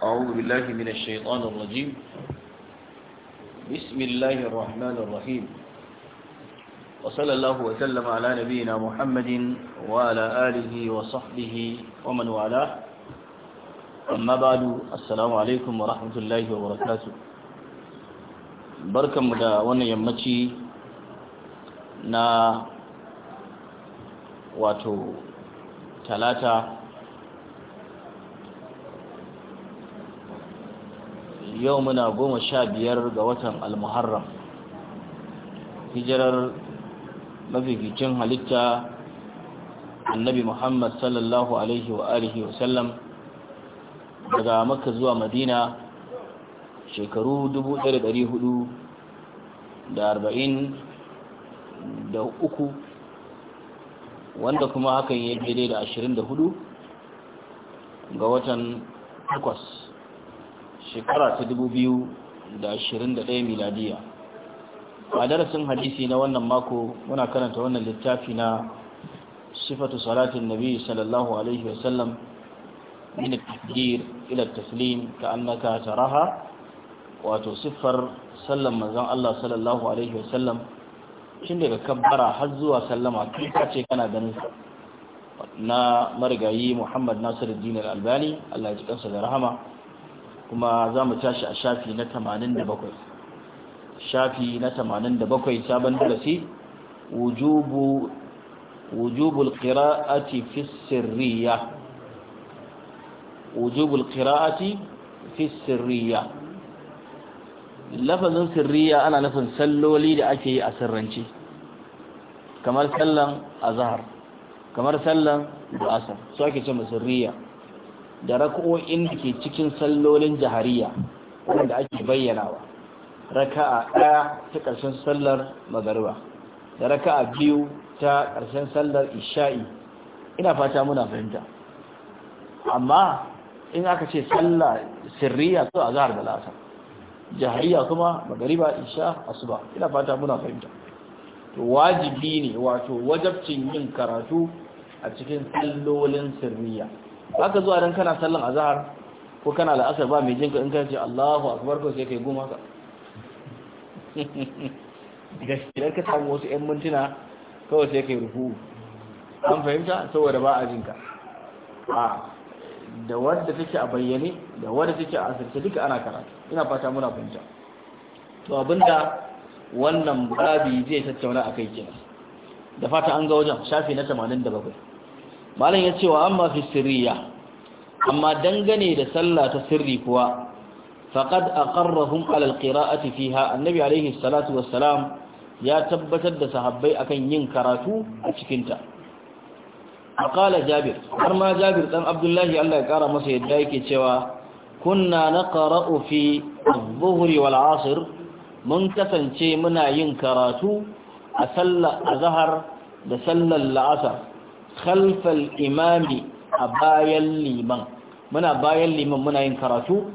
أعوذ بالله من الشيطان الرجيم بسم الله الرحمن الرحيم وصلى الله وسلم على نبينا محمد وعلى آله وصحبه ومن والاه أما بعد السلام عليكم ورحمة الله وبركاته بركة مدى وانا يمتي نا واتو ثلاثة yau muna goma sha biyar ga watan almuharram hijirar mafificin halitta annabi muhammad sallallahu alaihi wa alihi wasallam daga maka zuwa madina shekaru 1443 wanda kuma hakan ya daidai da 24 ga watan 8 shekara ta 2021 miladiya a darasin hadisi na wannan mako muna karanta wannan littafi na sifatu salatin nabi sallallahu alaihi wasallam min takbir ila taslim ka annaka taraha wato siffar sallan manzon Allah sallallahu alaihi wasallam tun daga kabbara har zuwa sallama kai kace kana ganin na marigayi Muhammad Nasiruddin Al-Albani Allah ya ji kansa da rahama kuma za mu tashi a shafi na 87 shafi na 87 sabon darasi wujubu wujubul qira'ati fi sirriya wujubul qira'ati fi sirriya lafazin sirriya ana nufin salloli da ake yi a sirrance kamar sallan azhar kamar sallan da asar so ake ce sirriya da rak'o'in da ke cikin sallolin jahariya wanda ake bayyanawa raka'a ɗaya ta ƙarshen sallar magariba da raka'a biyu ta ƙarshen sallar isha'i ina fata muna fahimta amma in aka ce sallah sirriya zuwa zahar da lasa jahariya kuma magariba isha asuba ina fata muna fahimta to wajibi ne wato wajabcin yin karatu a cikin sallolin sirriya haka zuwa don kana sallan azahar, ko kana la'asar ba mai jinka in ka ce Allahu akbar ko sai kai goma ka gaskiya ka samu wasu ƴan mintuna kawai sai kai rufu. an fahimta saboda ba a jinka a da wadda take a bayyane da wadda take a asirce duka ana karatu ina fata muna fahimta to abinda wannan babi zai tattauna a kai kenan da fata an ga wajen shafi na 87 malam ya ce wa amma fi sirriya amma dangane da sallah ta sirri kuwa faqad aqarrahum ala alqira'ati fiha annabi alaihi salatu wassalam ya tabbatar da sahabbai akan yin karatu a cikin ta aqala jabir har ma jabir dan abdullahi Allah ya kara masa yadda yake cewa kunna naqra'u fi adh-dhuhri wal 'asr mun kasance muna yin karatu a sallar azhar da sallar la'asar khalfal imami a bayan liman muna bayan liman muna yin karatu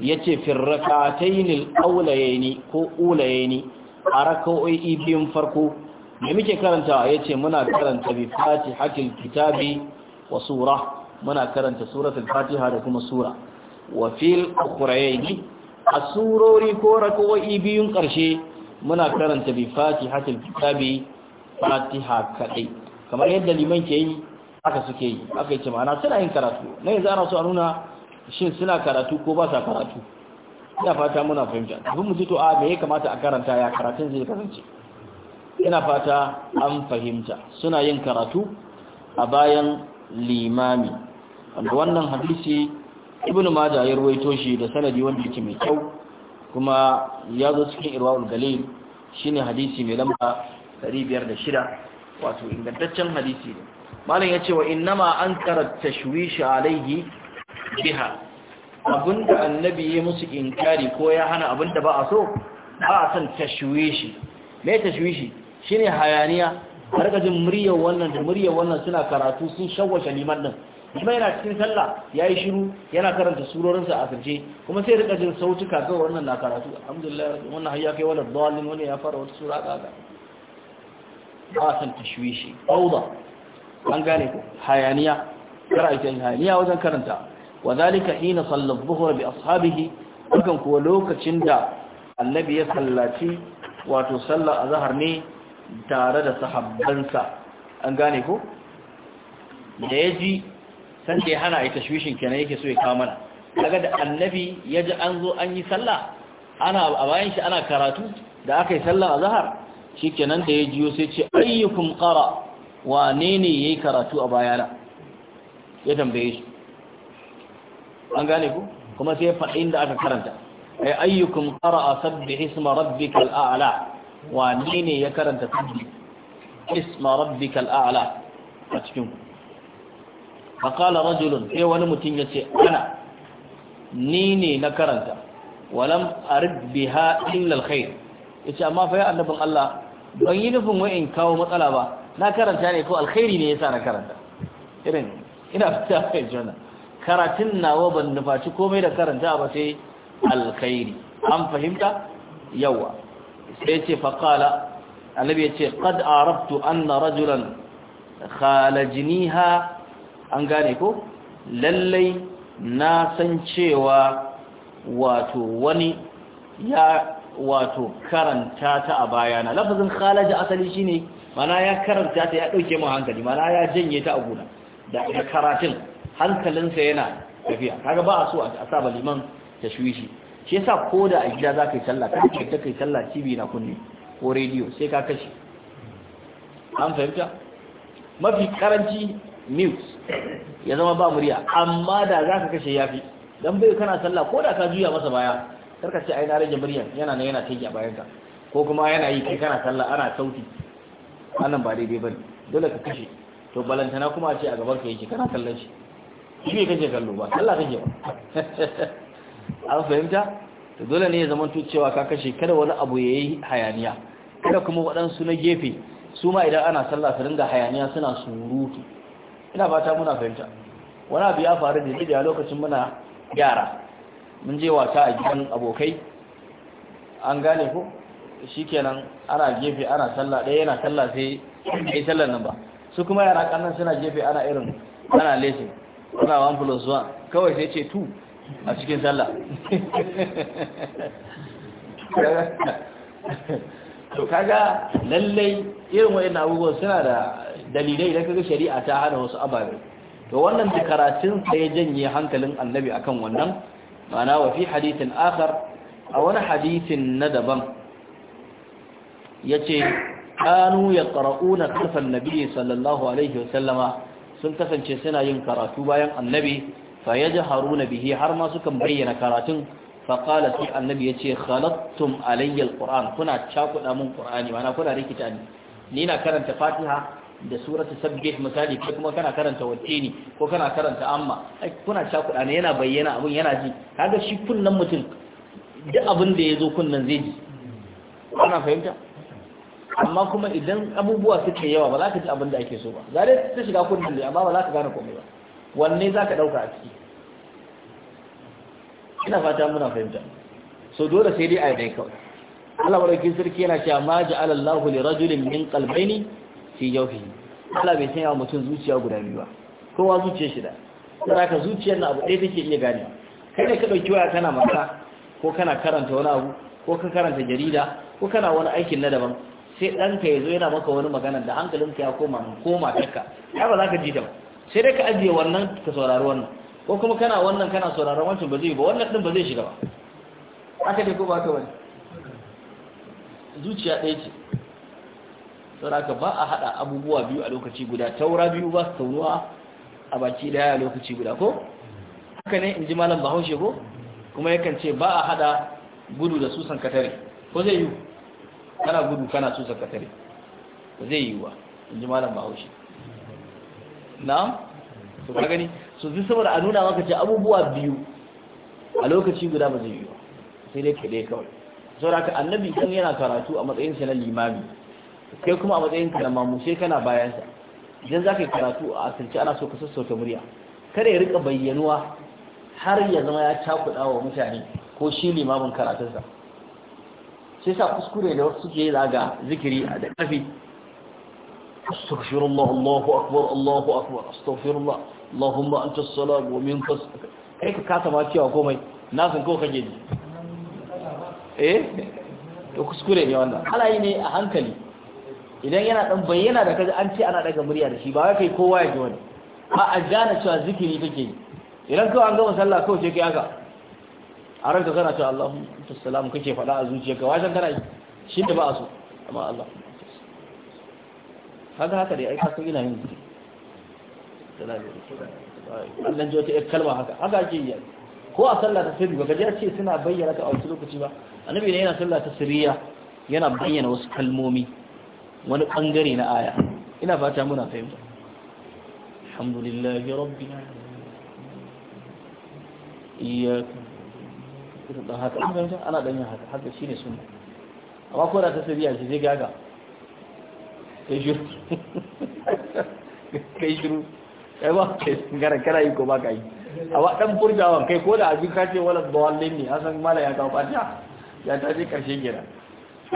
yace fi rak'atayn al ko ulayayn a rak'o'i biyun farko me muke karanta yace muna karanta bi fatihatil kitabi wa sura muna karanta suratul fatiha da kuma sura wa fil ukhrayn asurori ko rak'o'i biyun karshe muna karanta bi fatihatil kitabi fatiha kadai kamar yadda liman ke yi haka suke yi aka yi ce ma'ana suna yin karatu na yanzu ana so a nuna shin suna karatu ko ba sa karatu ina fata muna fahimta abin mu zito to a me ya kamata a karanta ya karatun zai kasance ina fata an fahimta suna yin karatu a bayan limami wanda wannan hadisi ibn majah ya ruwaito shi da sanadi wanda yake mai kyau kuma ya zo cikin irwaul galil shine hadisi mai lamba 506 wato ingantaccen hadisi ne malam ya ce wa innama an karatta shuwishi alaihi biha abinda annabi ya musu inkari ko ya hana abinda ba a so ba a san tashwishi me tashwishi shine hayaniya har jin muryar wannan da muryar wannan suna karatu sun shawwashe liman din kuma yana cikin sallah yayi shiru yana karanta surorin sa a sirje kuma sai rika jin sautuka ga wannan na karatu alhamdulillah wannan hayya kai wala dalil wani ya fara wata sura kaga ba san tashwishi fauda an gane ku hayaniya kar a yi hayaniya wajen karanta wa zalika hina salla dhuhra bi ashabihi dukan kuwa lokacin da annabi ya sallaci wato sallar azhar ne tare da sahabbansa an gane ku da yaji san da ya hana a yi tashwishin kenan yake so ya kawo mana daga da annabi ya ji an zo an yi sallah ana a bayan shi ana karatu da aka yi sallah a zahar shi kenan da ya jiyo sai ce ayyukum qara wane ne yayi karatu a bayana ya tambaye shi an gane ku kuma sai faɗin da aka karanta ay ayyukum qara'a sabbih isma rabbikal a'la wane ne ya karanta sabbih isma rabbikal a'la a cikin ku faqala rajulun sai wani mutum yace ana ni ne na karanta walam arid biha illa alkhair yace amma fa ya annabin Allah ban yi nufin in kawo matsala ba na karanta ne ko alkhairi ne yasa na karanta irin ina fita kai jona karatun nawa ban nufaci komai da karanta ba sai alkhairi an fahimta yawa sai ce faqala annabi yace qad arabtu anna rajulan khalajniha an gane ko lallai na san cewa wato wani ya wato karanta ta a bayana lafazin khalaja asali shine mana ya karanta ta ya dauke mu hankali mana ya janye ta a gona da karatun hankalinsa yana tafiya kaga ba a so a saba liman tashwishi shi yasa ko da a gida za ka yi sallah kan ka kai sallah TV na kunne ko rediyo sai ka kashe an fahimta mafi karanci news ya zama ba murya amma da za ka kashe yafi dan bai kana sallah ko da ka juya masa baya karka ce ai na rage muryan yana ne yana taiki a bayan ka ko kuma yana yi kai kana sallah ana sauti wannan ba daidai bane dole ka kashe to balantana kuma a ce a gaban ka yake kana kallon shi shi ne kake kallo ba sallah kake ba an fahimta to dole ne ya zama cewa ka kashe kada wani abu yayi hayaniya kada kuma waɗansu na gefe su ma idan ana sallah su ringa hayaniya suna surutu ina fata muna fahimta wani abu ya faru da a lokacin muna yara mun je wasa a gidan abokai an gane ko shikenan ana gefe ana sallah ɗaya yana sallah sai yi sallar nan ba su kuma yara kannan suna gefe ana irin ana lesin Suna one plus one kawai sai ce two a cikin sallah to kaga lallai irin wa'in abubuwan suna da dalilai da kaga shari'a ta hana wasu ababe to wannan da karatun sai janye hankalin annabi akan wannan ma'ana wa fi hadithin akhar a wani hadithin na daban yace kanu yaqra'una kafan nabiy sallallahu alaihi wasallama sun kasance suna yin karatu bayan annabi haruna bihi har ma sukan bayyana karatun faƙala sai annabi ya ce khalattun alayyar ƙoran kuna cakuɗa mun ƙorani mana kuna rikita ni ni na karanta fatiha da suratu sabbih misali ko kuma kana karanta wattini ko kana karanta amma ai kuna cakuɗa ne yana bayyana abun yana ji kaga shi kunnan mutum duk abin da ya zo kunnan zai ji kana fahimta amma kuma idan abubuwa suke yawa ba za ka ji abin da ake so ba za dai ta shiga kullun da amma ba za ka gane komai ba wanne za ka ɗauka a ciki ina fata muna fahimta so dole sai dai a yi dai kawai Allah barakin sarki yana cewa ma ja'alallahu Allahu li rajulin min qalbayni fi jawfihi Allah bai sanya mutum zuciya guda biyu ba kowa zuciyar shi da sai ka zuciyar na abu ɗaya take iya gane kai ne ka dauki waya kana maka ko kana karanta wani abu ko ka karanta jarida ko kana wani aikin na daban sai ɗanka ya zo yana maka wani magana da hankalinka ya koma mun koma ɗanka ya ba za ka ji ta ba sai dai ka ajiye wannan ka saurari wannan ko kuma kana wannan kana sauraron wancan ba zai ba wannan ɗin ba zai shiga ba aka dai ko ba ka wani zuciya ɗaya ce saboda ba a hada abubuwa biyu a lokaci guda taura biyu ba su taunuwa a baki daya a lokaci guda ko haka ne in ji malam bahaushe ko kuma yakan ce ba a hada gudu da susan katare ko zai yi kana gudu kana susan katare ba zai yi wa in ji malam bahaushe na'am su ka gani su zai saboda a nuna maka ce abubuwa biyu a lokaci guda ba zai yi wa sai dai kaɗai kawai saboda haka annabi kan yana karatu a matsayinsa na limami kai kuma a matsayin ka na kana bayan sa idan zaka yi karatu a asirce ana so ka sassauta murya kada ya rika bayyanuwa har ya zama ya cakuɗa wa mutane ko shi limamin karatunsa sai sa kuskure da wasu suke zaga zikiri a da ƙafi astaghfirullah Allahu akbar Allahu akbar astaghfirullah Allahumma anta as-salam wa minka kai ka kasa ma cewa komai na san ko kake ji eh to kuskure ne wannan halayi ne a hankali idan yana dan bayyana da kaji an ce ana daga murya da shi ba wai kai kowa ya ji wani ba a gane cewa zikiri kake yi idan kawai an gama sallah kawai sai kai haka a ranka kana cewa Allahu tassalam kake faɗa a zuciyarka wajen kana yi shi da ba a so amma Allah haka haka dai ai ka san ina yin zikiri Allah ji wata kalma haka haka ake yi ko a sallah ta sirri baka ji a ce suna bayyana ka a wasu lokaci ba annabi ne yana sallah ta sirriya yana bayyana wasu kalmomi wani bangare na aya ina fata muna fahimta alhamdulillahi rabbi iya da haka an fahimta ana ɗanyen haka haka shi ne suna amma ko da ta biya a zai gaga kai shiru kai shiru kai ba kai gara kana yi ko ba ka yi a waɗan furtawan kai ko da abin kace wala bawallin ne hasan mala ya kawo fatiha ya ta je ƙarshe gida.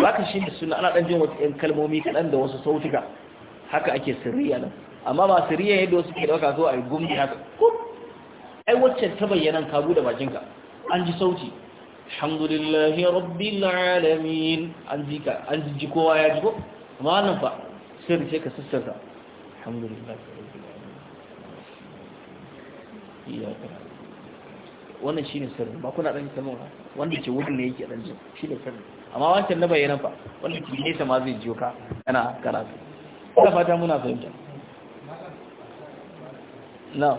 haka shi ne suna ana ɗan jin wasu ɗan kalmomi kaɗan da wasu sautuka haka ake sirriya nan amma ba sirriya yadda wasu ke ɗauka zo a gumbi haka ai wacce ta bayyana ka bude bakinka an ji sauti alhamdulillahi rabbil alamin an ji ka an ji kowa ya ji ko amma wannan fa sirri sai ka sassarta alhamdulillahi rabbil alamin wannan shine sirri ba kuna ɗan kalmomi wanda ke wurin ne yake dan jin shi da sirri amma wancan na bayyana fa wanda ke nesa ma zai jiyo ka yana karatu ina fata muna fahimta na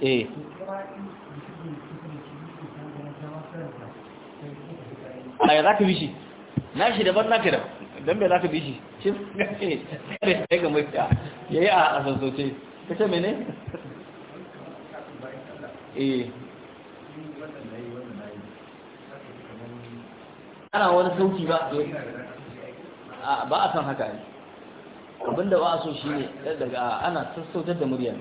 eh a yi za ka bishi na shi daban na ka daban don bai za ka bishi shi ne ya ga ya yi a asasauce kace mene eh ana wani sauki ba ba a san haka ne abinda ba a so shi ne daga ana sassautar da muryar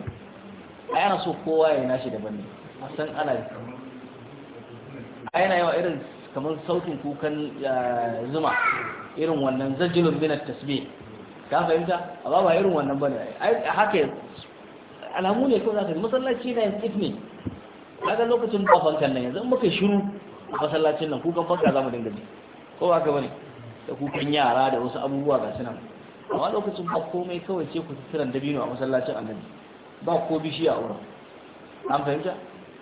A yana so kowa ya nashi daban ne a san ana A yana yawa irin kamar sautin kukan zuma irin wannan zajilun binar tasbih ka fahimta A ba irin wannan bane ai haka alamu ne ko za ka masallaci na yin tsifni kaga lokacin ba fankan nan yanzu muka shiru masallacin nan kukan fanka za mu dinga ji ko ba ka bane da kukan yara da wasu abubuwa ga sunan amma lokacin ba komai kawai ce ku tsiran dabino a masallacin annabi ba ko bishi a wurin an fahimta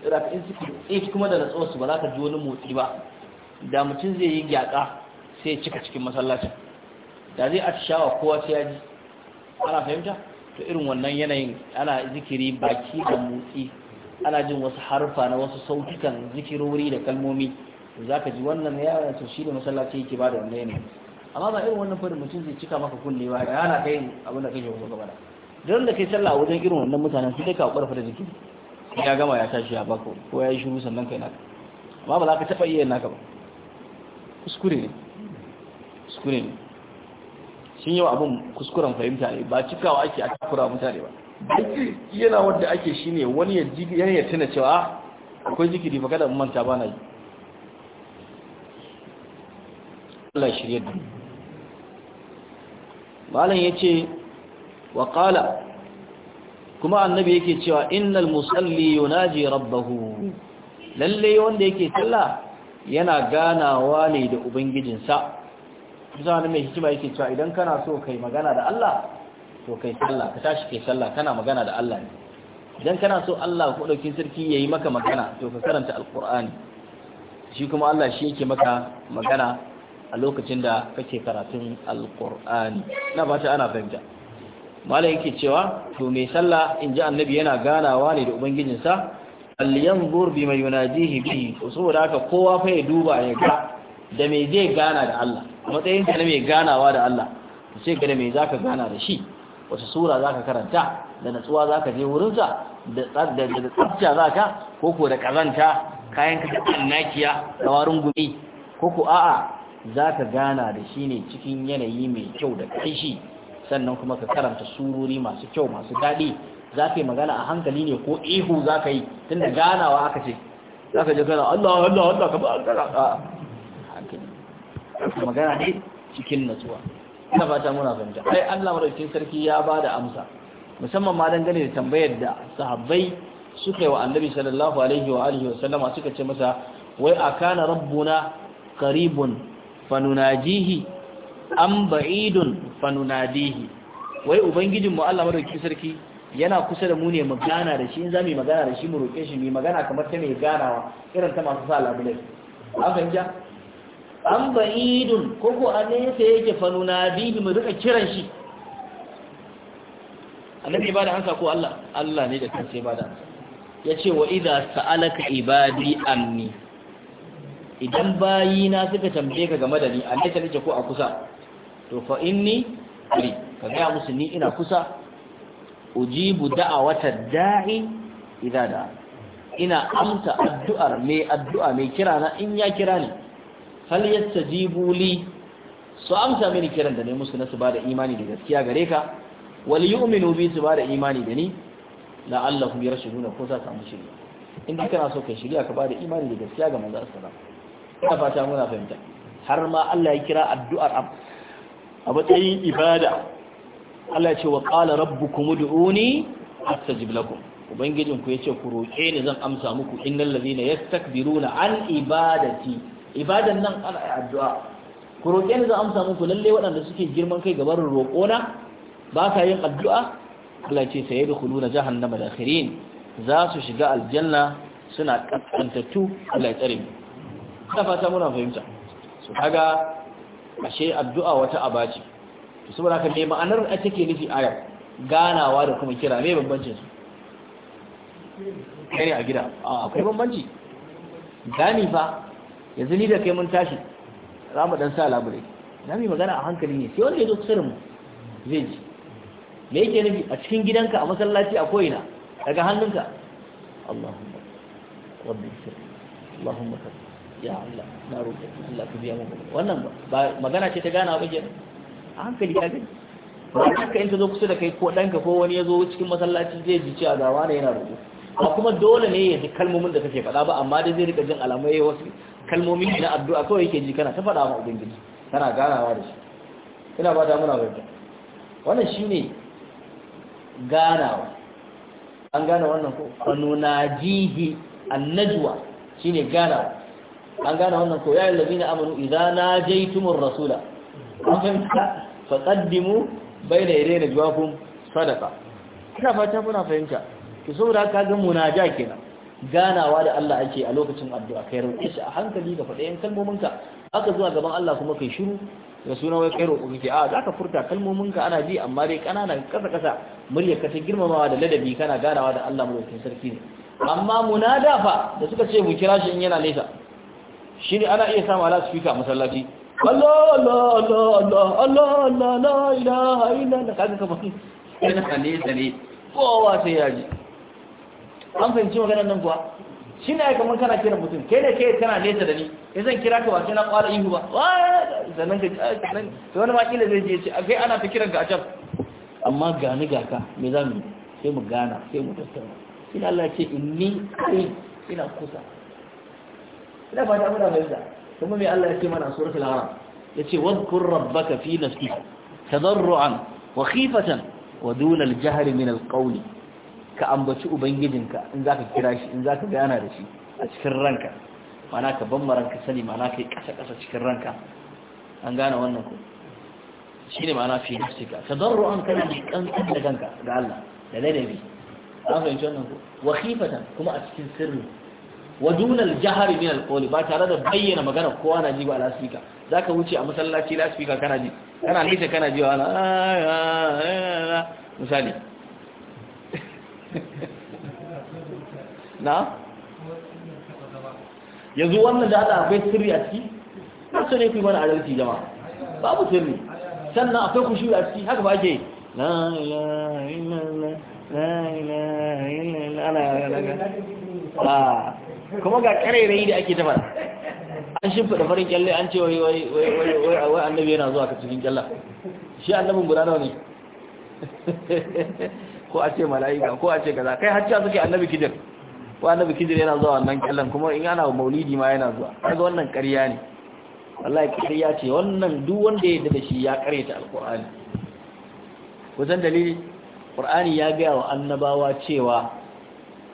ira ka in eh kuma da natsuwar su ba za ka ji wani motsi ba da mutum zai yi gyaka sai ya cika cikin masallacin da zai atishawa kowa sai ya ana fahimta to irin wannan yanayin ana zikiri baki da motsi ana jin wasu harfa na wasu sautukan zikirori da kalmomi za ka ji wannan yaran to shi da masallaci yake ba da wannan yanayi amma ba irin wannan farin mutum zai cika maka kunne ba ya hana yin abin da kake gaba da don da kai sallah a wajen irin wannan mutanen sai ka ƙwarfa da jiki ya gama ya tashi ya bako ko ya yi shiru sannan kai naka amma ba za ka taɓa iya naka ba kuskure ne kuskure ne sun yi wa abin kuskuren fahimta ne ba cikawa ake a takura mutane ba yana wanda ake shi ne wani ya tuna cewa ah, akwai zikiri fa kada manta ba na yi Allah shirye da malam ya ce wa kala kuma annabi yake cewa innal musalli yunaji rabbahu lalle wanda yake talla yana ganawa ne da ubangijinsa bisa mai hikima yake cewa idan kana so kai magana da Allah to kai sallah ka tashi kai sallah kana magana da Allah ne idan kana so Allah ko dauki sarki yayi maka magana to ka karanta alqur'ani shi kuma Allah shi yake maka magana a lokacin da kake karatun alqur'ani na ba ta ana fahimta malai yake cewa to mai sallah in ji annabi yana ganawa ne da ubangijinsa alyanzur bi mayunadihi bi saboda haka kowa fa ya duba ya ga da me zai gana da Allah matsayin ka na mai ganawa da Allah ka ce ka mai zaka gana da shi wata sura zaka karanta da natsuwa zaka je wurin sa da tsabta da tsafta zaka ko ko da kazanta kayan ka da nakiya da warin gumi ko ko a'a zaka gana da shi ne cikin yanayi mai kyau da shi? sannan kuma ka karanta sururi masu kyau masu daɗi za yi magana a hankali ne ko ihu za ka yi tun ganawa aka ce za ka je gana Allah Allah Allah ka ba a magana ne cikin natsuwa ina fata muna fahimta ai Allah madaukakin sarki ya ba da amsa musamman ma dangane da tambayar da sahabbai suka yi wa annabi sallallahu alaihi wa alihi wa suka ce masa wai akana rabbuna qaribun fanunajihi am ba'idun fanunadihi wai ubangijin mu Allah madaukakin sarki yana kusa da mu ne mu gana da shi in zamu magana da shi mu roke shi mu magana kamar ta mai ganawa irin ta masu sa labulai an fahimta an ba'idun ko ko a nesa yake fanuna bihi mu rika kiran shi annabi ba da ansa ko Allah Allah ne da kansa ba da ansa yace wa idza sa'alaka ibadi anni idan bayi na suka tambaye ka game da ni a nesa nake ko a kusa to fa inni qari ka ga musu ni ina kusa ujibu da'awata da'i idza da ina amsa addu'ar mai addu'a mai kira na in ya kira ni hal yadda jibuli su amsa mini kiran da ne musu na su bada imani da gaskiya gare ka yi yu'minu bi su bada imani da ni Na Allah la'allahum yarshuduna ko za ka mu shirya in dai kana so kai shirya ka da imani da gaskiya ga manzo sallallahu alaihi ina fata muna fahimta har ma Allah ya kira addu'ar a matsayin ibada Allah ya ce wa qala rabbukum ud'uni astajib lakum ubangijinku yace ku roke ni zan amsa muku innal ladhina yastakbiruna an ibadati ibadan nan ana addu'a ku roƙe ni zan amsa muku lalle waɗanda suke girman kai gabar na, ba sa yin addu'a Allah ce sai da na jahannama da khirin za su shiga aljanna suna kaskantattu Allah ya tsare mu ta fata muna fahimta su kaga ashe addu'a wata abaci to saboda ka me ma'anar a take nufi ayar ganawa da kuma kira me bambancin su kai a gida akwai bambanci gani fa yanzu ni da kai mun tashi za mu dan sa labure na mi magana a hankali ne sai wanda ya zo kusa da mu zai ji me yake nufi a cikin gidanka a masallaci a koyina daga hannunka Allahumma rabbi sir Allahumma kar ya Allah na roƙe Allah ka biya mu wannan ba magana ce ta gana ba ke a hankali ya gani ba haka in ta zo kusa da kai ko ka ko wani ya zo cikin masallaci zai ji cewa ga wani yana roƙo ba kuma dole ne ya ji kalmomin da kake faɗa ba amma dai zai rika jin alamai eh, wasu kalmomi ne na addu'a kawai yake ji kana ta faɗa ma ubangiji kana ganawa da shi ina ba da muna bayyana wannan shi ne ganawa an gane wannan ko fanunajihi annajwa shine ganawa an gane wannan ko ya allazina amanu idza najaytumur rasula an faqaddimu bayna yaday najwakum sadaka. ina fata muna fahimta ki saboda kaga munaja kenan ganawa da Allah ake a lokacin addu'a kai roƙe shi a hankali ka faɗa yan kalmominka aka zuwa gaban Allah kuma kai shiru da sunan wai kai roƙo kake a zaka furta kalmominka ana ji amma dai ƙananan kasa kasa murya ka ta girmamawa da ladabi kana ganawa da Allah mulkin sarki ne amma munada fa da suka ce mu kira shi in yana nesa shi ne ana iya samu ala speaker masallaci Allah Allah Allah Allah Allah Allah la ilaha illa kaga kamar yana nesa ne kowa sai ya ji an fahimci maganar nan kuwa shi ne kamar kana kira mutum ke da ke kana nesa da ni in zan kira ka ba sai na kwara ihu ba sannan ka sannan to wani ma kila zai je ce kai ana ta kiran ka a can amma gani ga ka me za mu sai mu gana sai mu tattauna sai Allah ya ce ni kai ina kusa ina ba ta mai zai kuma me Allah ya ce mana suratul haram yace wadhkur rabbaka fi nafsika tadarruan wa khifatan wa duna al-jahri min al-qawli ka ambaci ubangijinka in zaka kira shi in zaka gana da shi a cikin ranka mana ka ban ka sani mana kai kasa kasa cikin ranka an gane wannan ku Shi shine mana fi nafsika Ru'an kana mai kankan da kanka ga Allah da ladabi an fahimci wannan ku wa khifatan kuma a cikin sirri wa dun al min al qawli ba tare da bayyana magana kowa na ji ba a Za ka wuce a masallaci lasfika kana ji kana lita kana ji wa misali na yanzu wannan da akwai sirri a ciki na so ne ku mana adalci jama babu sirri sannan akwai ku shuri a ciki haka ba ake kuma ga karerai da ake tafa an shimfiɗa farin kyalle an ce wai wai wai annabi yana zuwa ka cikin kyalla shi annabin guda nawa ne ko a ce mala'ika ko a ce kaza kai hacca suke annabi kijir ko annabi kijir yana zuwa wannan kyallan kuma in ana maulidi ma yana zuwa kaga wannan ƙarya ne wallahi ƙarya ce wannan duk wanda ya da shi ya ta alqur'ani wajen dalili qur'ani ya ga wa annabawa cewa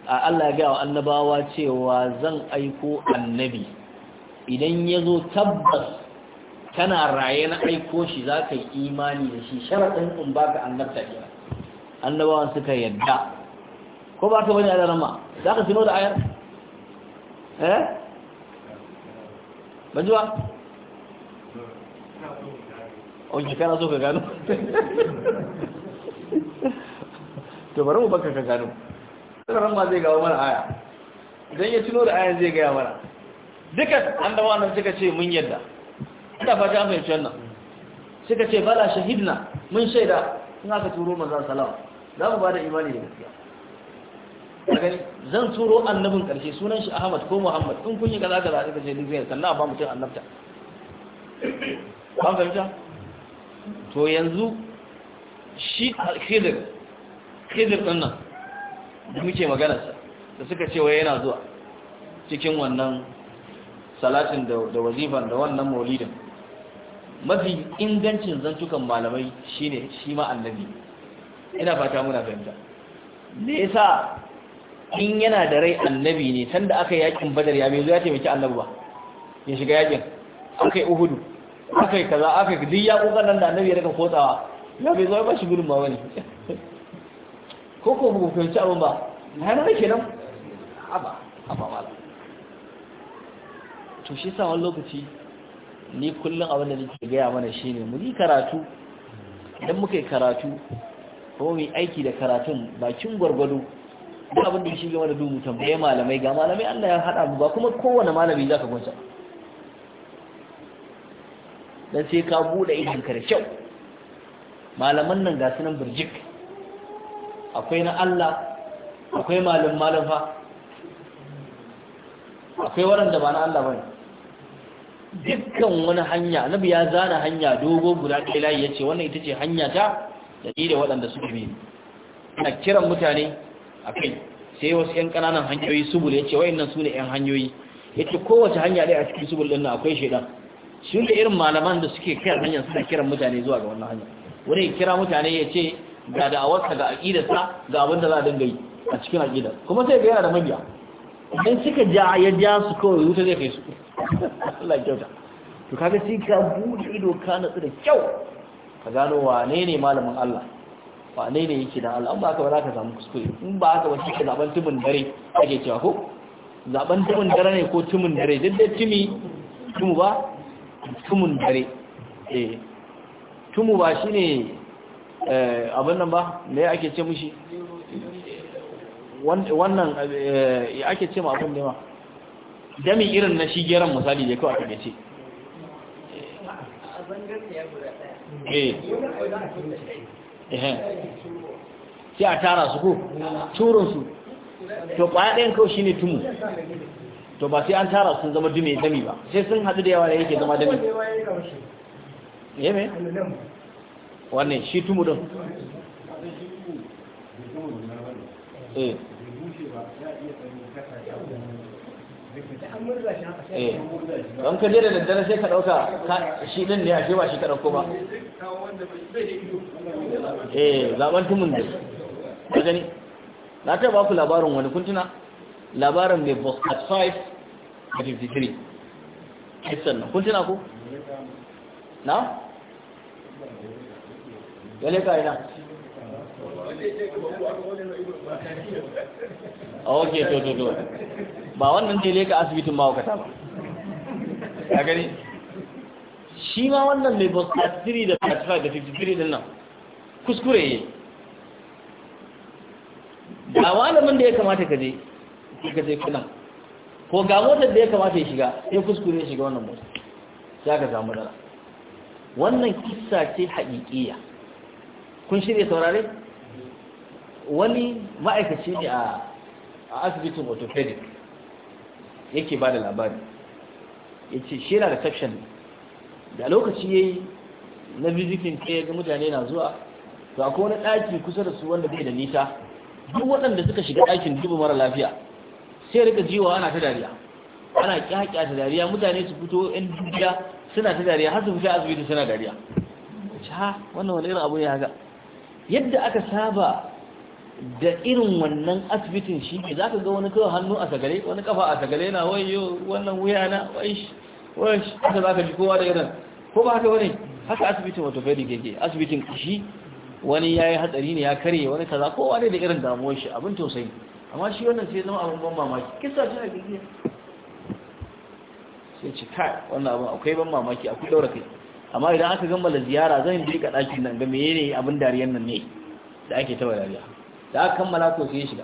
a Allah ya ga wa annabawa cewa zan aiko annabi idan yazo tabbas kana raye na aiko shi za yi imani da shi sharadin in baka annabta ne annabawan suka yadda ko ba ka bane a ma za ka sino da ayar eh ban ji oke oh, kana so ka gano to bari mu baka ka gano ranar ma zai gawo mana aya idan ya tuno da aya zai gaya mana duka annabawan nan suka ce mun yadda ina fata an fahimci wannan suka ce bala shahidna mun shaida in ka turo manzon sallallahu za mu ba da imani da gaskiya daga zan turo annabin karshe sunan shi ahmad ko muhammad in kun yi kaza kaza a cikin duk sannan a ba mutum annabta ba fahimta to yanzu shi khidr khidr din da muke maganarsa da suka ce wai yana zuwa cikin wannan salatin da wazifan da wannan maulidin mafi ingancin zantukan malamai shine shi ma annabi ina fata muna fahimta me yasa in yana da rai annabi ne sanda aka yakin badar ya mezo ya taimaki annabi ba ya shiga yakin aka yi uhudu aka yi kaza aka yi duk ya nan da annabi ya daga kotsawa ya me zuwa ba shi gudun ba wani ko ko ba ku ci abin ba na yana da nan? aba aba wala to shi sa wani lokaci ni kullum abin da nake gaya mana shine mu yi karatu idan muka yi karatu kuma mai aiki da karatun bakin gwargwado duk abin da shi game da dubu tambaye malamai ga malamai Allah ya haɗa mu ba kuma kowane malami za ka gwanta don sai ka buɗe idan ka da kyau malaman nan ga sunan birjik akwai na Allah akwai malam malam fa akwai waɗanda ba na Allah bane ne dukkan wani hanya nabi ya zana hanya dogo guda ɗaya layi ya ce wannan ita ce hanya ta da ni da waɗanda suke bi ina kiran mutane a kai sai wasu 'yan ƙananan hanyoyi subul ya ce nan su ne 'yan hanyoyi ya ce kowace hanya ɗaya a cikin subul ɗin na akwai shaidan su ne irin malaman da suke kiran hanyar suna kiran mutane zuwa ga wannan hanya wani kira mutane ya ce ga da'awarsa ga aƙidarsa ga abin da za a dinga yi a cikin aƙidar kuma sai ga yana da mabiya idan suka ja ya ja su kawai wuta zai kai su Allah ya kyauta to kaga sai ka bude ido ka natsu da kyau ka gano wane ne malamin Allah wane ne yake da Allah ba ka ba za ka samu kuskure in ba ka ba kike zaben tumin dare ake cewa ko zaben tumin dare ne ko tumin dare duk da tumi tumu ba tumin dare eh tumu ba shine eh abin nan ba me ake ce mushi wannan eh, ya ake ce ma abin ne ma dami irin na shigeran misali eh, da kawai aka ce eh sai a tara su ko su to kwaya ɗayan kawai shi ne tumu to ba sai an tara sun zama dume dami ba sai sun haɗu da yawa da yake zama dami ya eh, me? wannan shi tumu don eh eh don ka da daddare sai ka dauka shi din ne ashe ba shi ka dauko ba eh zaman tumun da ka gani na ta ba ku labarin wani kun tuna labarin mai box at 5 at 53 kisan nan kun tuna na yale ka ina Okay, to to to ba wannan da leka asibitin wakata ba ya gani shi ma wannan mai bus 33 da 35 da 53 din nan kuskure yi ga malamin da ya kamata ka je ka je kuna ko ga motar da ya kamata ya shiga ya kuskure ya shiga wannan motar ya ka samu dala. wannan kissa ce haƙiƙiya kun shirya saurare wani ma'aikaci ne a asibitin orthopedic yake ba da labari ya ce shi yana reception da lokaci ya yi na visiting sai ga mutane na zuwa to ko na ɗaki kusa da su wanda bai da nisa duk waɗanda suka shiga ɗakin duba mara lafiya sai rika jiwa ana ta dariya ana kyakya ta dariya mutane su fito yan dubiya suna ta dariya har su fita asibiti suna dariya ha wannan wani irin abu ne haka yadda aka saba da irin wannan asibitin shi ne za ka ga wani kawai hannu a sagare wani kafa a sagare na wai wayo wannan wuya na Wai shi, haka za ka ji kowa da irin ko ba haka wani haka asibitin wato orthopedic yake asibitin kashi wani ya yi hatsari ne ya karye wani kaza kowa ne da irin damuwar shi abin tausayi amma shi wannan sai zama abin ban mamaki kisa ce a gidiya sai ce kai wannan abin akwai ban mamaki akwai daura kai amma idan aka da ziyara zan yi ka ɗakin nan ga menene abin dariyar nan ne da ake taɓa dariya da aka kammala ko sai ya shiga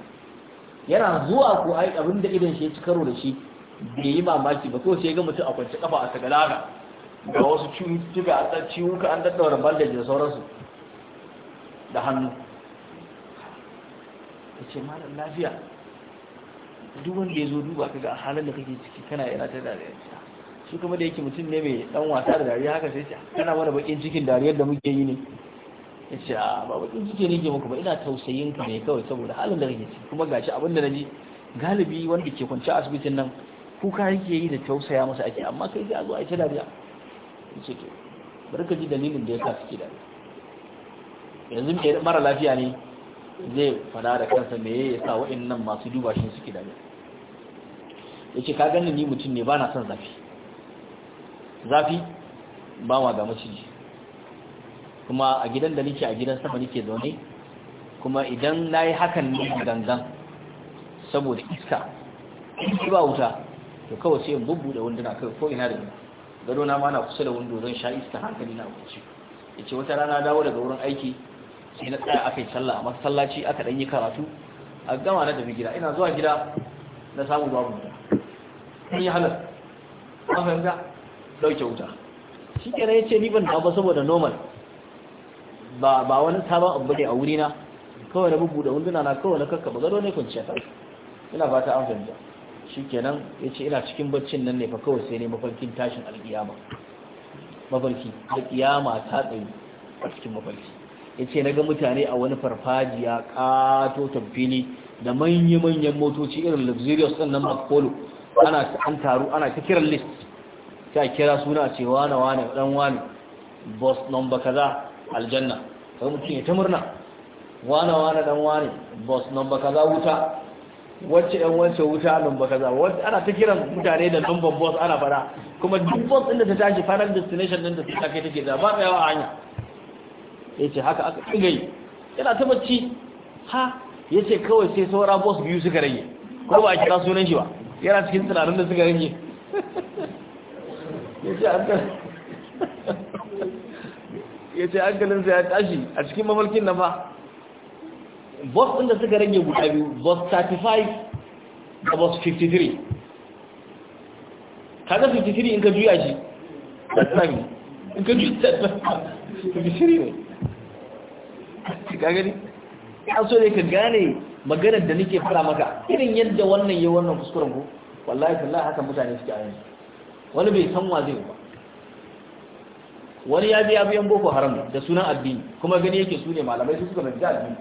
yana zuwa ko ai abin da idan shi ya ci karo da shi bai yi mamaki ba ko sai ya ga mutum a kwance kafa a sagalaga ga wasu cututtuka a ɗan ciwuka an daddaura bandaji da sauransu da hannu ya ce malam lafiya duk wanda ya zo duba ka ga halin da kake ciki kana yana ta da shi kuma da yake mutum ne mai dan wasa da dariya haka sai ce kana wani bakin cikin dariyar da muke yi ne ya ce a ba bakin rike muku ba ina tausayin ka ne kawai saboda halin da kake ciki kuma gashi abin da ji galibi wanda ke kwanci asibitin nan kuka yake yi da tausaya masa ake amma kai sai a zo a dariya ya ce to bari ka ji dalilin da ya sa suke dariya yanzu mai mara lafiya ne zai fada da kansa me ya sa waɗannan masu duba shi suke dariya ya ce ka ganin ni mutum ne ba na son zafi zafi ba ma ga maciji kuma a gidan da nake a gidan sama nake zaune kuma idan na yi hakan ne gangan saboda iska in ba wuta to kawai sai in da wunduna kai ko ina da ni. gado na ma na kusa da wundu zan sha iska hankali na wuce ya ce wata rana dawo daga wurin aiki sai na tsaya aka yi sallah a masallaci aka ɗan yi karatu a gama na tafi gida ina zuwa gida na samu babu wuta sun yi halar an fahimta ɗauke wuta shi kenan ya ce ni ban ba saboda normal ba ba wani sabon abu ne a wurina kawai na da wunduna na kawai na kakkaba gado ne kwanciya kai ina fata an fahimta shikenan yace ina cikin baccin nan ne fa kawai sai ne mafarkin tashin alkiyama mafarki alkiyama ta tsaye a cikin mafarki yace naga mutane a wani farfajiya kato tamfili da manya-manyan motoci irin luxurious din nan makolo ana an taru ana ta kiran list ta kira suna ce na wane dan wane boss number kaza aljanna kaga mutum ya ta murna wane wane dan wane boss number kaza wuta wacce dan wancan wuta nan ba kaza wacce ana ta kiran mutane da number bus ana fara kuma duk bus ɗin da ta tashi final destination ɗin da ta kai take da ba tsayawa a hanya ya ce haka aka tsigai yana ta bacci ha ya ce kawai sai saura bus biyu suka rage ko ba a kira sunan shi ba yana cikin tunanin da suka rage ya ce an ya ce sai ya tashi a cikin mafalkin na fa bus ɗin da suka rage guda biyu bus 35 da bus 53 kaga 53 in ka juya shi tattami in ka juya tattami 53 ne ka gani ya so ne ka gane maganar da nake fara maka irin yadda wannan yi wannan kuskuren ku wallahi tallahi haka mutane suke a yanzu wani bai san wa zai ba wani ya bi biyan boko haram da sunan addini kuma gani yake su ne malamai su suka mai addini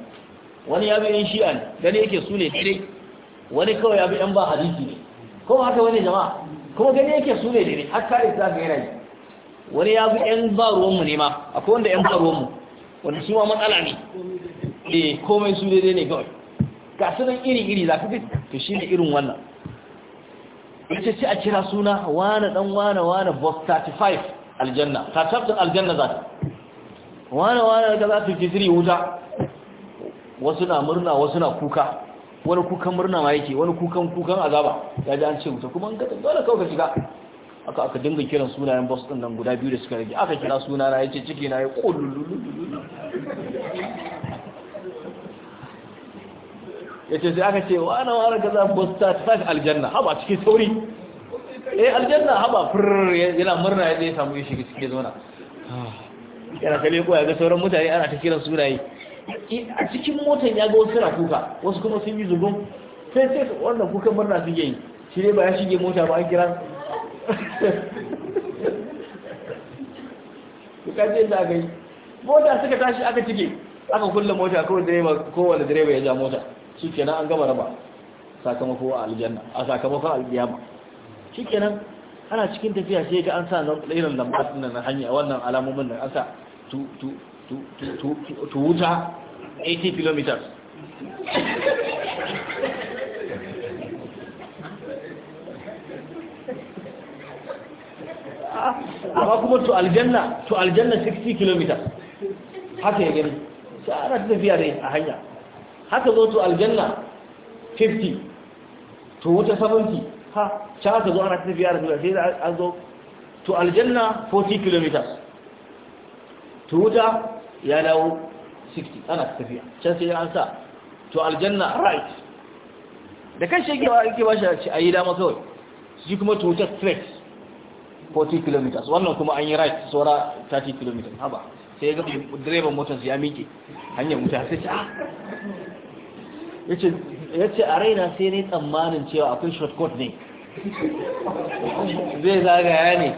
wani ya biyan shi'a ne gani yake su ne dire wani kawai ya yan ba hadisi ne ko haka wani jama'a kuma gani yake su ne dire har kare za ga yanayi wani ya bi yan ba ruwan mu ne ma akwai wanda yan ba mu wani su ma matsala ne eh komai su daidai ne kawai ga su iri iri za ka fi to shi ne irin wannan ita ce a kira suna wane dan wane wane box 35 aljanna ta tabbatar aljanna za ta wani wani da za su fitiri wuta wasu na murna wasu na kuka wani kukan murna ma yake wani kukan kukan azaba ya ji an ce wuta kuma an ga dole kawai ka shiga aka aka dinga kiran sunayen boss din nan guda biyu da suka rage aka kira suna na yace ciki na ya kullululu yace sai aka ce wa ana wa ga za boss ta ta aljanna haba cikin sauri eh aljanna haba fur yana murna ya zai samu ya shiga cikin zona ah, yana kale ko ya ga sauran mutane ana ta kiran sunaye a cikin motan ya ga wasu na kuka wasu kuma sun yi zugun sai sai wannan kuka murna su yi shi ne ba ya shige mota ba an kira kuka ce da aka yi mota suka tashi aka cike aka kulle mota kawai direba kowane direba ya ja mota shi kenan an gama raba sakamako a aljanna a sakamakon alkiyama shikenan ana cikin tafiya sai ga an sa irin lamba din nan hanya wannan alamomin nan an sa tu wuta 80 km amma kuma to aljanna to aljanna 60 km haka ya gani sai ana tafiya dai a hanya haka zo to aljanna 50 to wuta 70 ha can aka zo ana tafiya da sai da an zo to aljanna 40 km to wuta ya dawo 60 ana tafiya can sai an sa to aljanna right da kan shi yake ba shi a yi dama kawai shi kuma to wuta straight 40 km wannan kuma an yi right saura 30 km haba sai ga direban motar ya miƙe hanyar wuta sai ce ah yace ya ce a raina sai ne tsammanin cewa akwai shortcut ne zai zagaya ne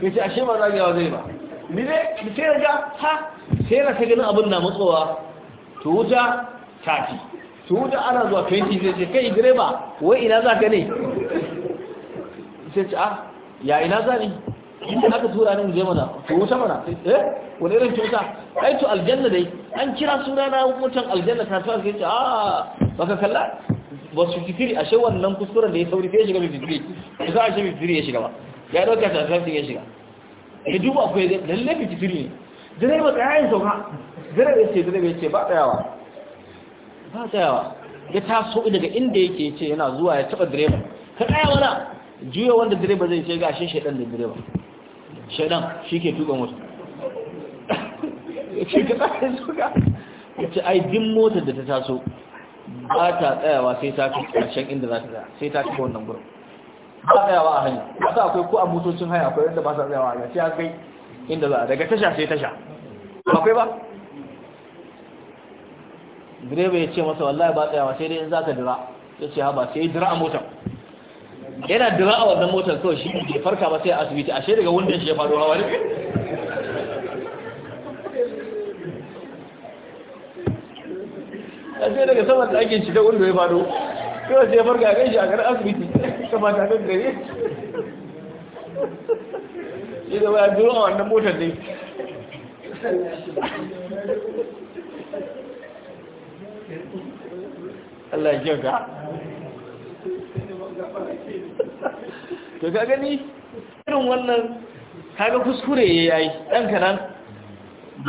ya ce ashe ba zagaya zai ba ni dai sai na ha sai na sai ganin abin na matsowa to wuta tafi to wuta ana zuwa 20 zai ce kai direba wai ina za ka ne sai ce ah ya ina za ne inda aka tura ni zai mana to wuta mana eh wani irin tuta ai to aljanna dai an kira suna na mutan aljanna ta tsaya sai ce a ah, baka kalla ba su fitiri ashe wannan kuskuren da ya sauri sai ya shiga fitiri ba za a shi fitiri ya shiga ba ya dauka ta tsaya ya shiga ya duba akwai lalle fitiri ne direba tsayayin sauka direba ba ce direba ba ce ba tsayawa ba tsayawa ya taso daga inda yake ce yana zuwa ya taba direba ka tsaya mana juya wanda direba zai ce shi shaidan da direba shaidan shi ke tuka mota ce ka ya suka ya ce ai din motar da ta taso ba ta tsayawa sai ta fi ƙarshen inda za ta tsaya sai ta fi wannan gudun ba tsayawa a hanya wata akwai ko a motocin haya akwai wanda ba sa tsayawa a sai akwai kai inda za a daga tasha sai tasha akwai ba direba ya ce masa wallahi ba tsayawa sai dai in za ka dira ya ce ha ba sai dira a motar yana dira a wannan motar kawai shi ke farka ba sai a asibiti ashe daga wanda shi ya faru hawa ne ashe daga saman da ake cikin wanda ya faru kawai sai ya farka a shi a kar asibiti ba ta kan gare shi da waya dira a wannan motar ne Allah ya kyauta to ka gani irin wannan kaga kuskure ya yayi ɗan kanan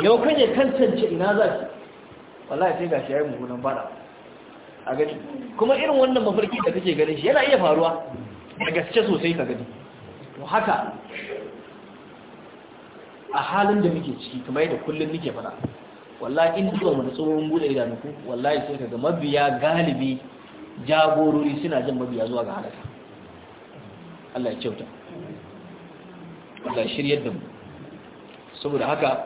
yau kan ya tantance ina za ki wallahi sai gashi ya yi mugunan bada a gani kuma irin wannan mafarki da kake ganin shi yana iya faruwa da gaske sosai ka gani to haka a halin da muke ciki kuma da kullum muke fada wallahi in duba mu da tsohon bude idanu ku wallahi sai kaga mabiya galibi jagorori suna jin mabiya zuwa ga halaka Allah ya kyauta Allah ya shiryar da mu saboda haka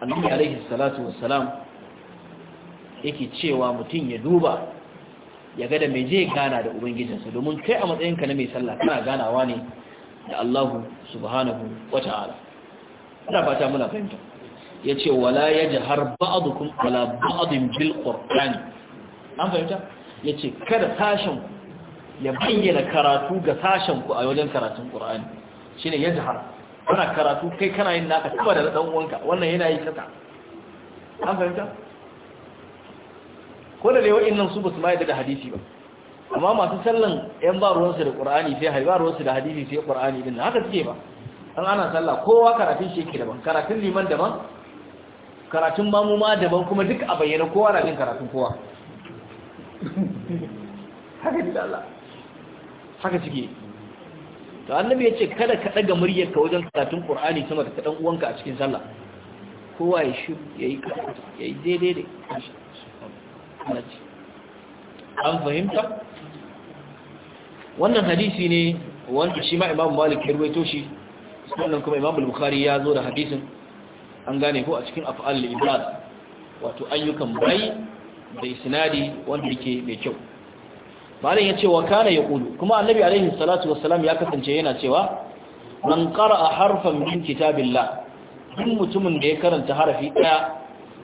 annabi alaihi salatu wassalam yake cewa mutum ya duba ya ga da mai je gana da ubangijinsa domin kai a matsayinka na mai sallah kana ganawa ne da Allah subhanahu wata'ala ana fata muna fahimta yace wala yajhar ba'dukum wala ba'din bil qur'ani an fahimta ya ce kada sashen ya bayyana karatu ga sashen ku a wajen karatun ƙur'ani shi ne ya jihar wana karatu kai kana yin naka kuma da ɗan uwanka wannan yana yi kasa an fahimta ko da lewa innan su ba su ma da hadisi ba amma masu sallan yan ba ruwansu da ƙur'ani sai hai ba ruwansu da hadisi sai ƙur'ani din haka suke ba an ana sallah kowa karatun shi yake daban karatun liman daban karatun mamuma daban kuma duk a bayyana kowa na jin karatun kowa haka ji da Allah haka suke to annabi ya ce kada ka ɗaga muryarka wajen karatun qur'ani sama da kaɗan uwanka a cikin sallah kowa ya shi ya yi ya yi daidai da an fahimta wannan hadisi ne wanda shi ma imamu malik ya ruwaito shi sannan kuma imamu bukhari ya zo da hadisin an gane ko a cikin af'al ibad wato ayyukan bai da isnadi wanda yake mai kyau malam yace wa kana yaqulu kuma annabi alaihi salatu wassalam ya kasance yana cewa man qara'a harfan min kitabillah duk mutumin da ya karanta harafi daya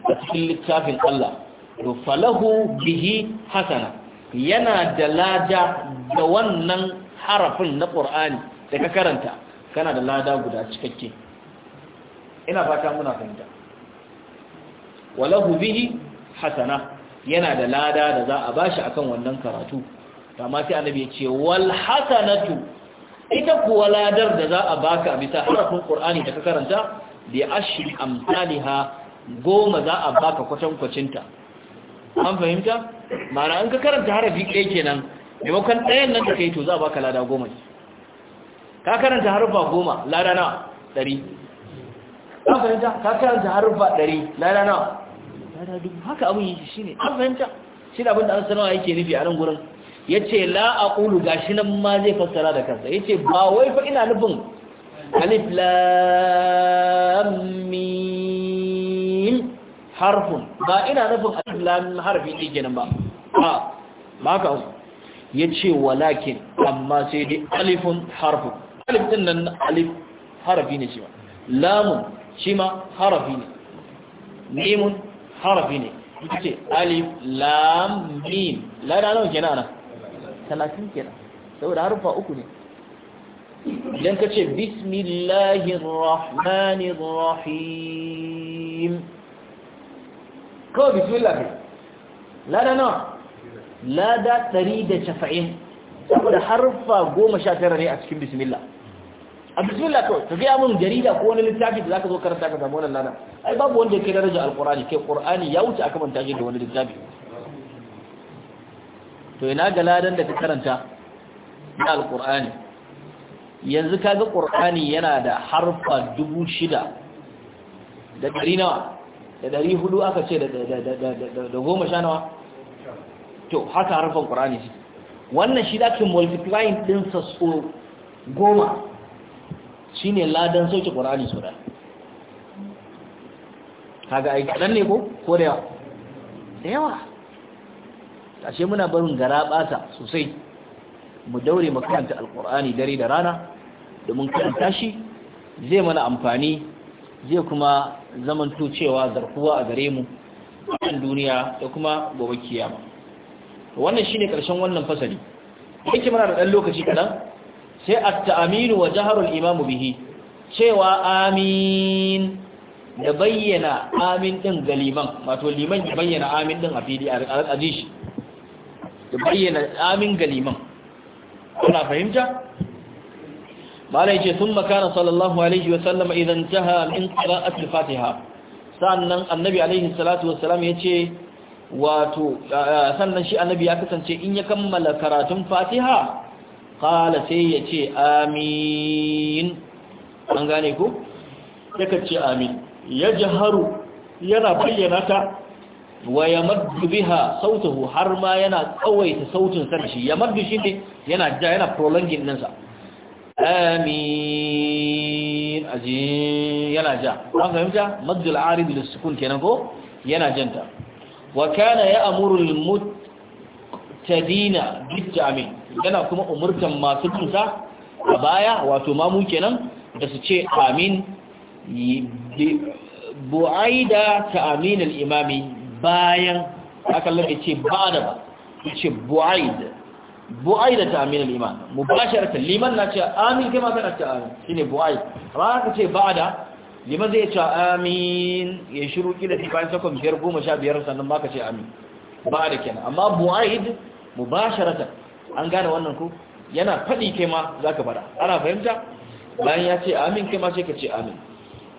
a cikin littafin Allah to falahu bihi hasana yana da lada da wannan harafin na Qur'ani da ka karanta kana da lada guda cikakke ina fata muna fahimta walahu bihi hasana yana da lada da za a bashi akan wannan karatu amma sai annabi ya ce wal hasanatu ita kuwa ladar da za a baka bisa harafin qur'ani da ka karanta bi ashri amsalha goma za a baka kwatankwacinta an fahimta ma'ana an ka karanta harafi ɗaya kenan maimakon ɗayan nan da kai to za a baka lada goma ka karanta harfa goma lada na ɗari ka karanta harfa ɗari lada na lada dubu haka abin yi shi ne an fahimta shi da abin da an sanarwa yake nufi a nan gurin ya ce la'akulu ga shi nan ma zai fassara da kansa ya ce ba wai fa ina nufin alif lamin harfin ba ina nufin alif lamin harfi ɗin kenan ba ha ba ka wasu ya ce walakin amma sai dai alifin harfin alif ɗin nan alif harfi ne shi ma lamun shi ma harfi ne nemun harafi ne ita ce alif lam mim lada nawa kenan ana talatin kenan saboda harufa uku ne idan ka ce bismillahir rahmanir rahim ko bismillah ne lada nawa lada 190 saboda harufa 19 ne a cikin bismillah a bismillah kawai ka gaya mun jarida ko wani littafi da zaka zo karanta ka samu wannan lana ai babu wanda yake daraja alqur'ani ke qur'ani ya wuce aka manta shi da wani littafi to ina ga ladan da ka karanta na alqur'ani yanzu kaga qur'ani yana da harfa dubu shida da ɗari nawa da ɗari hudu aka ce da goma sha nawa to haka harfan qur'ani wannan shi da ke multiplying ɗinsa so goma Shi ne ladan sauke ƙorani su da Haga aiki kadan ne ko ko da yawa da yawa ashe muna barin gara ɓata sosai mu daure makaranta karanta dare da rana domin karanta shi zai mana amfani zai kuma zamanto cewa zarkuwa a gare mu a duniya da kuma gobe kiyama wannan shi ne ƙarshen wannan fasali yake mana da ɗan lokaci kaɗan? sai at ta'aminu wa jaharul imamu bihi cewa amin da bayyana amin ɗin ga liman wato liman ya bayyana amin ɗin a fili a ji shi ya bayyana amin ga liman kuna fahimta malai ce sun makana sallallahu alaihi wasallama idan jaha min qira'atil fatiha sannan annabi alaihi salatu wassalam ya ce wato sannan shi annabi ya kasance in ya kammala karatun fatiha kala sai ya ce amin an gane ku yaka ce amin Ya jiharu, yana bayyana ta wa yamaddu biha sautahu har ma yana kawaita sautin sa Ya yamaddu shi ne yana ja yana prolonging ɗinsa amin aji yana ja an fahimta maddul arid da sukun kenan ko yana janta wa kana ya'muru al muqtadina bijami yana kuma umurtan masu binsa a baya wato mamu kenan da su ce amin bu'aida ta amin al-imami bayan aka lafi ce ba da ba ce bu'aida bu'aida ta amin al shi mubasharatan liman na ce amin kai ma kana ce amin shine bu'aida amma aka ce ba da liman zai ce amin ya shiru kila bayan sakon biyar goma sha biyar sannan ba ka ce amin ba da kenan amma bu'aid mubasharatan an gane wannan ku yana faɗi kai ma za ka fara ana fahimta bayan ya ce amin kai ma sai ka ce amin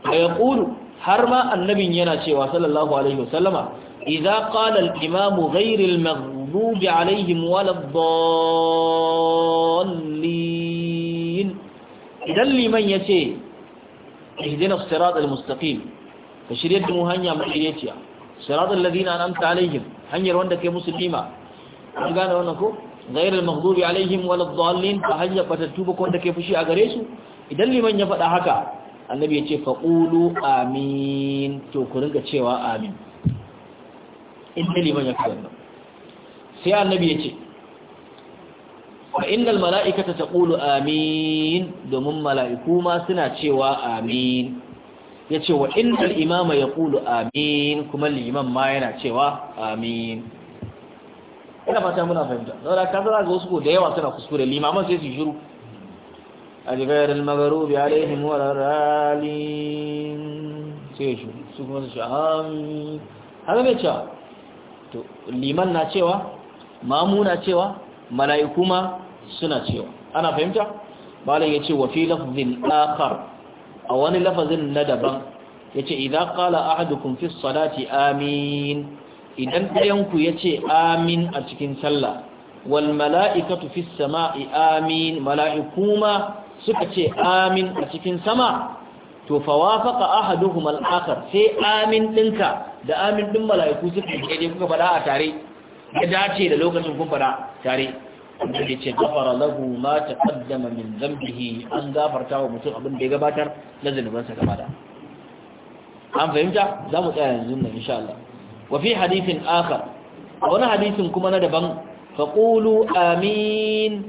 fa yaqulu har ma annabin yana cewa sallallahu alaihi wasallama idza qala al-imam ghayr al-maghdubi alaihim wala ad-dallin idan liman yace ihdina as-sirat al-mustaqim Ka shiriyat mu hanya mu shiriyatiya sirat alladhina an'amta alaihim hanyar wanda kai musulma an gane wannan ko ghairal maghdubi alaihim dallin fa hayya fatatu ba da ke fushi a gare su idan liman ya faɗa haka annabi ya ce faqulu amin to ku rinka cewa amin inda liman ya faɗa sai annabi ya ce wa innal mala'ikata taqulu amin domin mala'iku ma suna cewa amin yace wa innal imama yaqulu amin kuma liman ma yana cewa amin ina fata muna fahimta saboda ka zara ga wasu ko da yawa suna kuskure limaman sai su shiru a jigar al-magharubi alaihim wa ralin sai shi su kuma su amin haka ne cewa to liman na cewa mamu na cewa mala'iku ma suna cewa ana fahimta ya ce wa fi lafzin akhar a wani lafazin na daban ya yace idza qala ahadukum fi salati amin idan ɗayanku ya ce amin a cikin sallah wal mala'ikatu fi sama'i amin mala'iku ma suka ce amin a cikin sama to fawafaka ahaduhum al sai amin ɗinka da amin ɗin mala'iku suka ce kuka fada a tare ya dace da lokacin kun fada tare wanda ya ce gafara lahu ma taqaddama min dhanbihi an gafarta wa mutum abin da ya gabatar na zanubansa gaba da an fahimta za mu tsaya yanzu nan insha Allah Wafi fi hadithin wani hadisin kuma na daban faqulu amin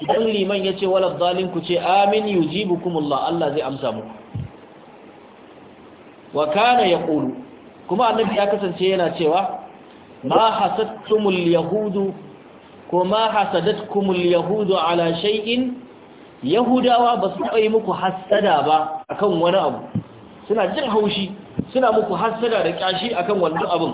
idan liman ya ce zalim ku ce amin yujibukumullah Allah zai amsa mu. wa ya yaqulu kuma annabi ya kasance yana cewa ma hasadtumul yahudu ko ma hasadatkumul yahudu ala shay'in yahudawa ba su kai muku hasada ba akan wani abu suna jin haushi suna muku hasada da kyashi akan wannan abin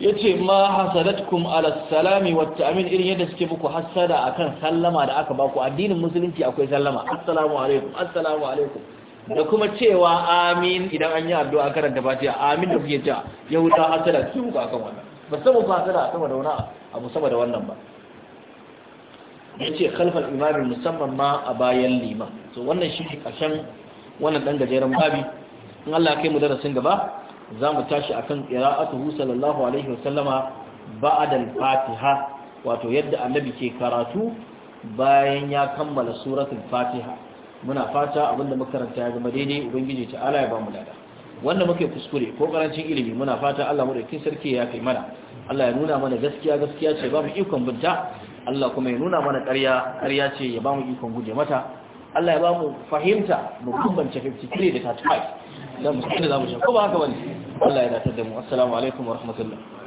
yace ma hasadatkum ala salami wa ta'min irin yadda suke muku hasada akan sallama da aka baku addinin musulunci akwai sallama assalamu alaikum assalamu alaikum da kuma cewa amin idan an yi addu'a karanta fatiha amin da kuke cewa da hasada su muku akan wannan ba samu fasara sama da wannan abu sama da wannan ba yace khalfal imamin musamman ma a bayan liman to wannan shi ne kashan wannan dan gajeren babi in Allah kai mu darasin gaba za mu tashi akan qira'atuhu sallallahu alaihi wasallama ba'da al-fatiha wato yadda annabi ke karatu bayan ya kammala suratul fatiha muna fata abinda karanta ya zama daidai ubangiji ta ala ya ba mu lada wanda muke kuskure ko karancin ilimi muna fata Allah mu dauki sarki ya kai mana Allah ya nuna mana gaskiya gaskiya ce ba mu ikon binta Allah kuma ya nuna mana ƙarya ƙarya ce ya ba mu ikon guje mata Allah ya ba mu fahimta mu bambance 53 da 35 da mu da zamu ko ba haka bane Allah ya datar da mu assalamu alaikum wa rahmatullah